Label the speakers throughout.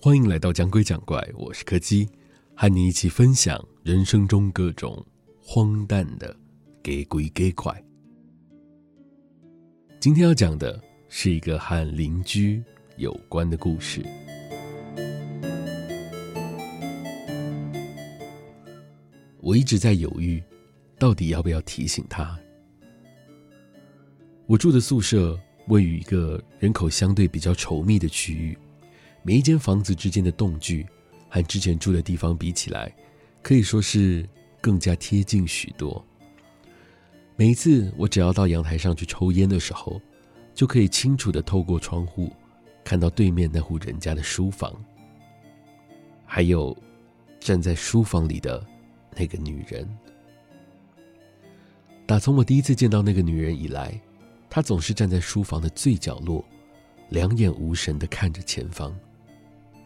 Speaker 1: 歡迎來到講鬼講怪，我是柯基，和你一起分享人生中各種荒誕的假鬼假怪。今天要講的是一個和鄰居有關的故事。我一直在猶豫，到底要不要提醒他。我住的宿舍位於一個人口相對比較稠密的區域。每一間房子之間的棟距，和之前住的地方比起來，可以說是更加貼近許多。每一次我只要到陽台上去抽菸的時候，就可以清楚的透過窗戶，看到對面那戶人家的書房，還有站在書房裡的那個女人。打從我第一次見到那個女人以來，她總是站在書房的最角落，兩眼無神的看着前方。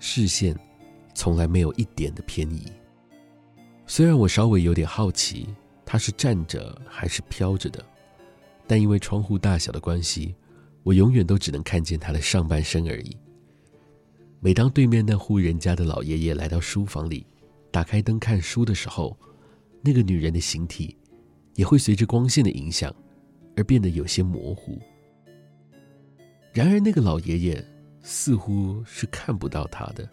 Speaker 1: 視線，從來沒有一點的偏移。雖然我稍微有點好奇，他是站着還是飄着的，但因為窗戶大小的關係，我永遠都只能看見他的上半身而已。每當對面那戶人家的老爺爺來到書房裡，打開燈看書的時候，那個女人的形體，也會隨着光線的影響，而變得有些模糊。然而那個老爺爺。似乎是看不到他的，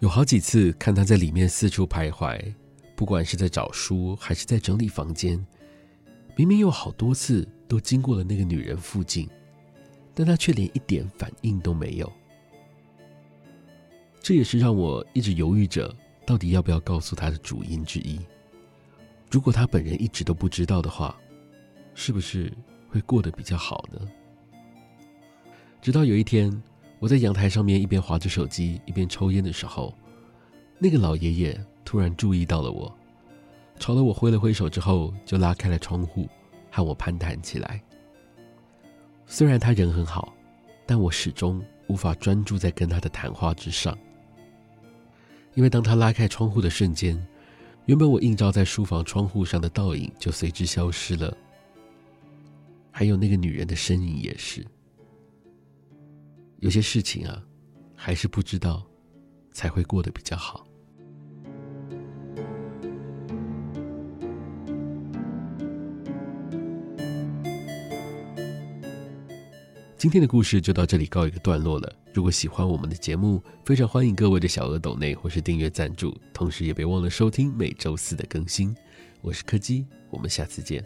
Speaker 1: 有好幾次看他在裡面四處徘徊，不管是在找書還是在整理房間，明明有好多次都經過了那個女人附近，但他卻連一點反應都沒有。這也是讓我一直猶豫着到底要不要告訴他的主因之一。如果他本人一直都不知道的話，是不是會過得比較好呢？直到有一天，我在陽台上面一邊滑着手機一邊抽煙的時候，那個老爺爺突然注意到了我，朝了我揮了揮手之後，就拉開了窗戶，和我攀談起來。雖然他人很好，但我始終無法專注在跟他的談話之上，因為當他拉開窗戶的瞬間，原本我映照在書房窗戶上的倒影就隨之消失了，還有那個女人的身影也是。有些事情啊，還是不知道，才會過得比較好。今天的故事就到這裡告一個段落了。如果喜歡我們的節目，非常歡迎各位的小額抖內或是訂閱贊助，同時也別忘了收聽每周四的更新。我是柯基，我們下次見。